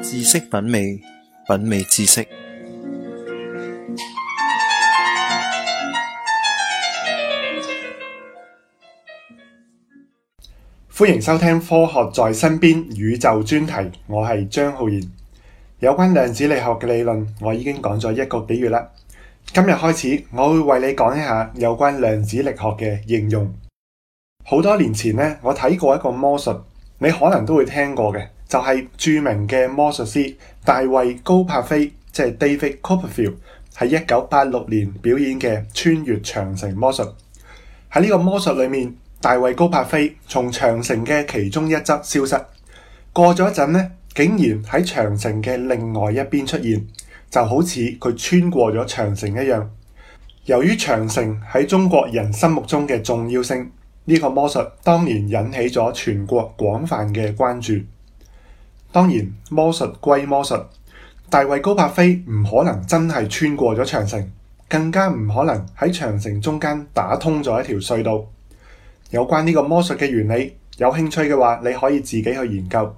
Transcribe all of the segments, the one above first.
知識品味，品味知識。歡迎收聽《科學在身邊·宇宙》專題，我係張浩然。有關量子力學嘅理論，我已經講咗一個幾月啦。今日開始，我會為你講一下有關量子力學嘅應用。好多年前呢，我睇過一個魔術，你可能都會聽過嘅。就係著名嘅魔術師大衛高柏飛，即係 David Copperfield，喺一九八六年表演嘅穿越長城魔術。喺呢個魔術裏面，大衛高柏飛從長城嘅其中一側消失，過咗一陣咧，竟然喺長城嘅另外一邊出現，就好似佢穿過咗長城一樣。由於長城喺中國人心目中嘅重要性，呢個魔術當年引起咗全國廣泛嘅關注。當然，魔術歸魔術，大衛高柏飛唔可能真係穿過咗長城，更加唔可能喺長城中間打通咗一條隧道。有關呢個魔術嘅原理，有興趣嘅話，你可以自己去研究。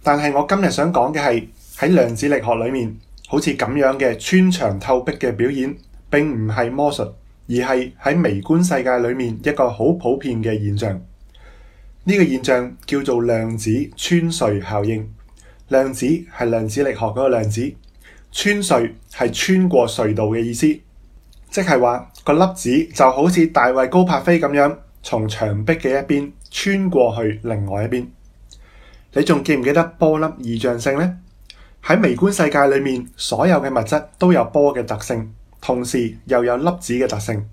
但係我今日想講嘅係喺量子力學裏面，好似咁樣嘅穿牆透壁嘅表演，並唔係魔術，而係喺微觀世界裏面一個好普遍嘅現象。呢個現象叫做量子穿隧效應。量子係量子力學嗰個量子，穿隧係穿過隧道嘅意思，即係話個粒子就好似大衛高柏飛咁樣，從牆壁嘅一邊穿過去另外一邊。你仲記唔記得波粒二象性呢？喺微觀世界裏面，所有嘅物質都有波嘅特性，同時又有粒子嘅特性。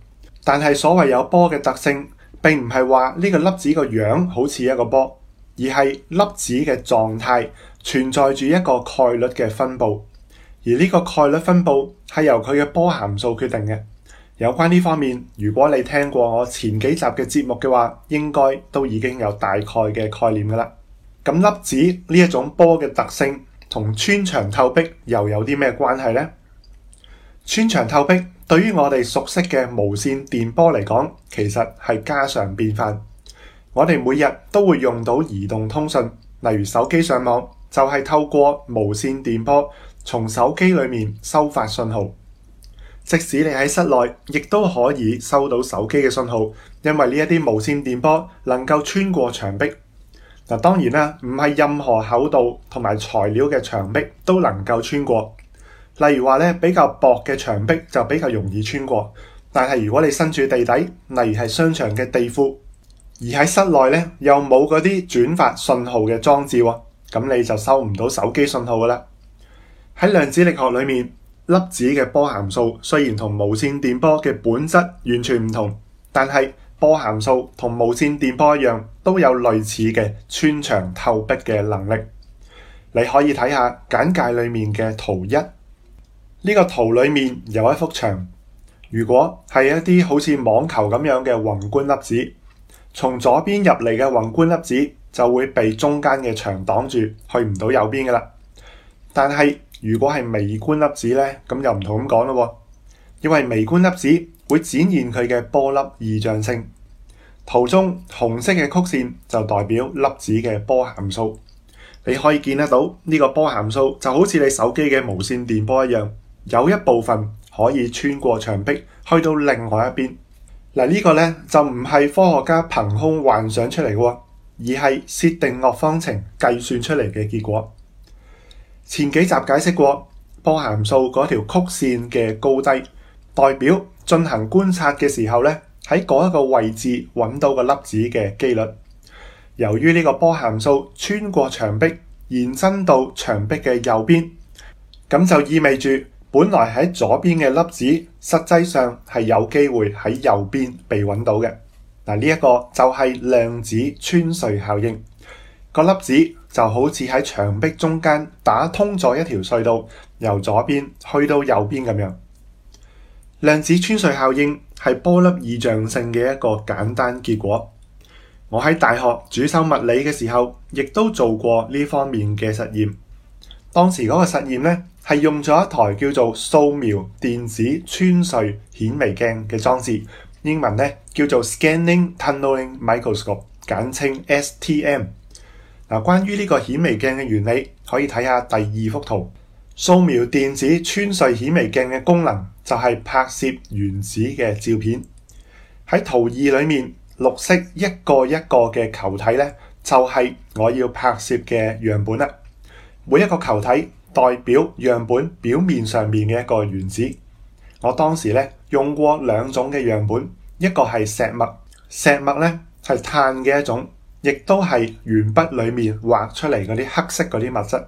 但係所謂有波嘅特性，並唔係話呢個粒子個樣子好似一個波，而係粒子嘅狀態。存在住一個概率嘅分布，而呢個概率分布係由佢嘅波函數決定嘅。有關呢方面，如果你聽過我前幾集嘅節目嘅話，應該都已經有大概嘅概念噶啦。咁粒子呢一種波嘅特性同穿牆透壁又有啲咩關係呢？穿牆透壁對於我哋熟悉嘅無線電波嚟講，其實係家常便飯。我哋每日都會用到移動通訊，例如手機上網。就係透過無線電波從手機裏面收發信號，即使你喺室內，亦都可以收到手機嘅信號，因為呢一啲無線電波能夠穿過牆壁嗱。當然啦，唔係任何厚度同埋材料嘅牆壁都能夠穿過，例如話咧比較薄嘅牆壁就比較容易穿過。但係如果你身住處地底，例如係商場嘅地庫，而喺室內咧又冇嗰啲轉發信號嘅裝置喎。咁你就收唔到手機信號噶啦。喺量子力學裏面，粒子嘅波函數雖然同無線電波嘅本質完全唔同，但係波函數同無線電波一樣，都有類似嘅穿牆透壁嘅能力。你可以睇下簡介裏面嘅圖一，呢個圖裏面有一幅牆，如果係一啲好似網球咁樣嘅宏觀粒子。從左邊入嚟嘅宏觀粒子就會被中間嘅牆擋住，去唔到右邊㗎喇。但係如果係微觀粒子呢，咁又唔同咁講咯喎，因為微觀粒子會展現佢嘅波粒二象性。圖中紅色嘅曲線就代表粒子嘅波函數，你可以見得到呢個波函數就好似你手機嘅無線電波一樣，有一部分可以穿過牆壁去到另外一邊。嗱，呢個咧就唔係科學家憑空幻想出嚟嘅，而係薛定諤方程計算出嚟嘅結果。前幾集解釋過波函數嗰條曲線嘅高低，代表進行觀察嘅時候咧，喺嗰一個位置揾到個粒子嘅幾率。由於呢個波函數穿過牆壁，延伸到牆壁嘅右邊，咁就意味住。本來喺左邊嘅粒子，實際上係有機會喺右邊被揾到嘅。嗱，呢一個就係量子穿隧效應。個粒子就好似喺牆壁中間打通咗一條隧道，由左邊去到右邊咁樣。量子穿隧效應係波粒二象性嘅一個簡單結果。我喺大學主修物理嘅時候，亦都做過呢方面嘅實驗。當時嗰個實驗呢。係用咗一台叫做掃描電子穿隧顯微鏡嘅裝置，英文咧叫做 Scanning Tunneling Microscope，簡稱 STM。嗱，關於呢個顯微鏡嘅原理，可以睇下第二幅圖。掃描電子穿隧顯微鏡嘅功能就係拍攝原子嘅照片。喺圖二裏面，綠色一個一個嘅球體咧，就係我要拍攝嘅樣本啦。每一個球體，代表樣本表面上面嘅一個原子，我當時咧用過兩種嘅樣本，一個係石墨，石墨咧係碳嘅一種，亦都係鉛筆裡面畫出嚟嗰啲黑色嗰啲物質。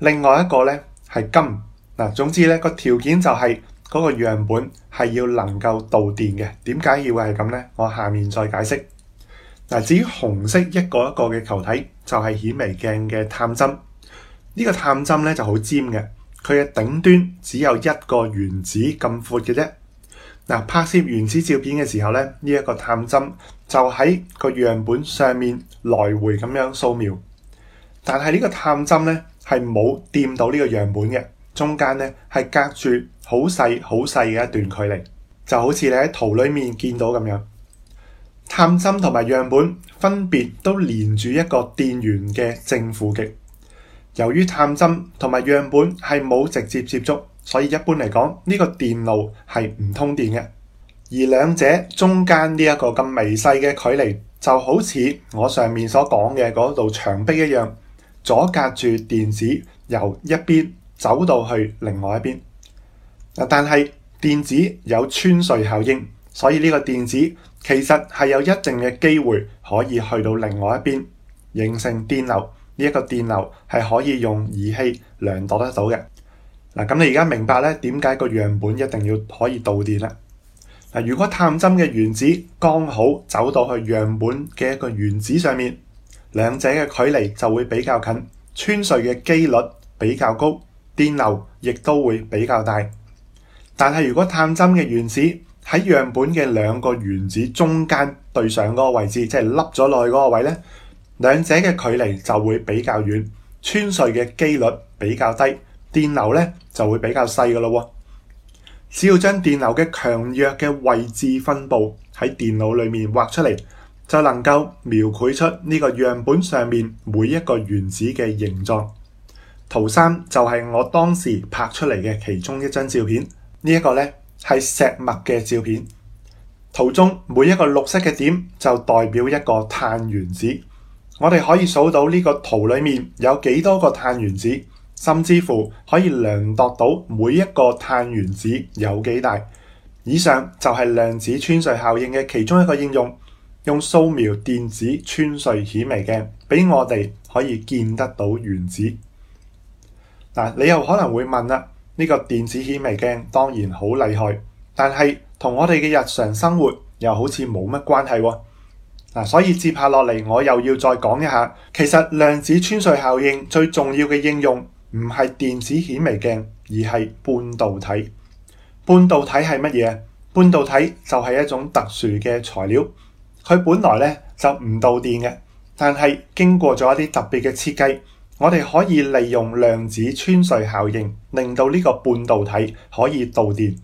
另外一個咧係金，嗱，總之咧個條件就係嗰個樣本係要能夠導電嘅。點解要係咁咧？我下面再解釋。嗱，至於紅色一個一個嘅球體，就係顯微鏡嘅探針。呢個探針咧就好尖嘅，佢嘅頂端只有一個原子咁闊嘅啫。嗱，拍攝原子照片嘅時候咧，呢一個探針就喺個樣本上面來回咁樣掃描，但係呢個探針咧係冇掂到呢個樣本嘅，中間咧係隔住好細好細嘅一段距離，就好似你喺圖裡面見到咁樣。探針同埋樣本分別都連住一個電源嘅正負極。由於探針同埋樣本係冇直接接觸，所以一般嚟講，呢個電路係唔通電嘅。而兩者中間呢一個咁微細嘅距離，就好似我上面所講嘅嗰道牆壁一樣，阻隔住電子由一邊走到去另外一邊。但係電子有穿隧效應，所以呢個電子其實係有一定嘅機會可以去到另外一邊，形成電流。呢一個電流係可以用儀器量度得到嘅。嗱，咁你而家明白咧點解個樣本一定要可以導電咧？嗱，如果探針嘅原子剛好走到去樣本嘅一個原子上面，兩者嘅距離就會比較近，穿隧嘅機率比較高，電流亦都會比較大。但係如果探針嘅原子喺樣本嘅兩個原子中間對上嗰個位置，即係凹咗落去嗰個位咧？兩者嘅距離就會比較遠，穿隧嘅機率比較低，電流咧就會比較細㗎咯。只要將電流嘅強弱嘅位置分佈喺電腦裏面畫出嚟，就能夠描繪出呢個樣本上面每一個原子嘅形狀。圖三就係我當時拍出嚟嘅其中一張照片。這個、呢一個咧係石墨嘅照片，圖中每一個綠色嘅點就代表一個碳原子。我哋可以數到呢個圖裏面有幾多個碳原子，甚至乎可以量度到每一個碳原子有幾大。以上就係量子穿隧效應嘅其中一個應用，用掃描電子穿隧顯微鏡，俾我哋可以見得到原子。嗱、啊，你又可能會問啦，呢、這個電子顯微鏡當然好厲害，但係同我哋嘅日常生活又好似冇乜關係、啊。嗱，所以接下落嚟，我又要再講一下。其實量子穿隧效應最重要嘅應用，唔係電子顯微鏡，而係半導體。半導體係乜嘢？半導體就係一種特殊嘅材料，佢本來咧就唔導電嘅，但係經過咗一啲特別嘅設計，我哋可以利用量子穿隧效應，令到呢個半導體可以導電。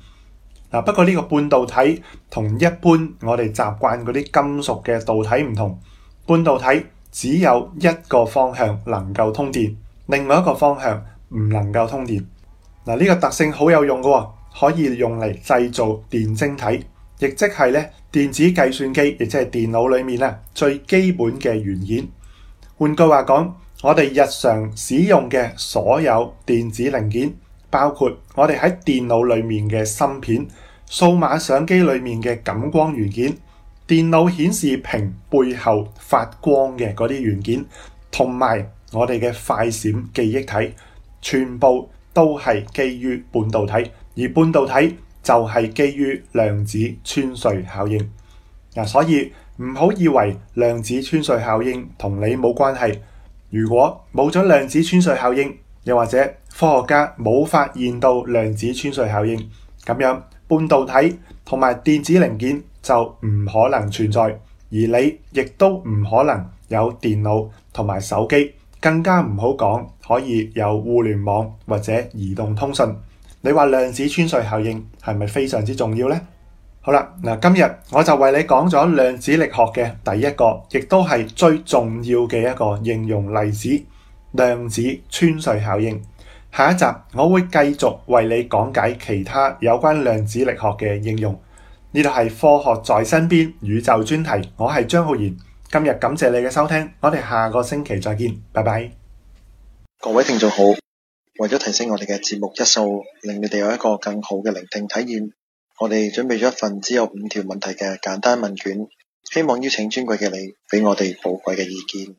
嗱，不過呢個半導體同一般我哋習慣嗰啲金屬嘅導體唔同，半導體只有一個方向能夠通電，另外一個方向唔能夠通電。嗱，呢個特性好有用嘅，可以用嚟製造電晶體，亦即係咧電子計算機，亦即係電腦裏面咧最基本嘅元件。換句話講，我哋日常使用嘅所有電子零件。包括我哋喺電腦裏面嘅芯片、數碼相機裏面嘅感光元件、電腦顯示屏背後發光嘅嗰啲元件，同埋我哋嘅快閃記憶體，全部都係基於半導體，而半導體就係基於量子穿隧效應。嗱，所以唔好以為量子穿隧效應同你冇關係。如果冇咗量子穿隧效應，又或者科學家冇發現到量子穿隧效應，咁樣半導體同埋電子零件，就唔可能存在，而你亦都唔可能有電腦同埋手機，更加唔好講可以有互聯網或者移動通訊。你話量子穿隧效應係咪非常之重要呢？好啦，嗱，今日我就為你講咗量子力學嘅第一個，亦都係最重要嘅一個應用例子。量子穿隧效應，下一集我會繼續為你講解其他有關量子力學嘅應用。呢度係科學在身邊宇宙專題，我係張浩然。今日感謝你嘅收聽，我哋下個星期再見，拜拜。各位聽眾好，為咗提升我哋嘅節目質素，令你哋有一個更好嘅聆聽體驗，我哋準備咗一份只有五條問題嘅簡單問卷，希望邀請尊貴嘅你俾我哋寶貴嘅意見。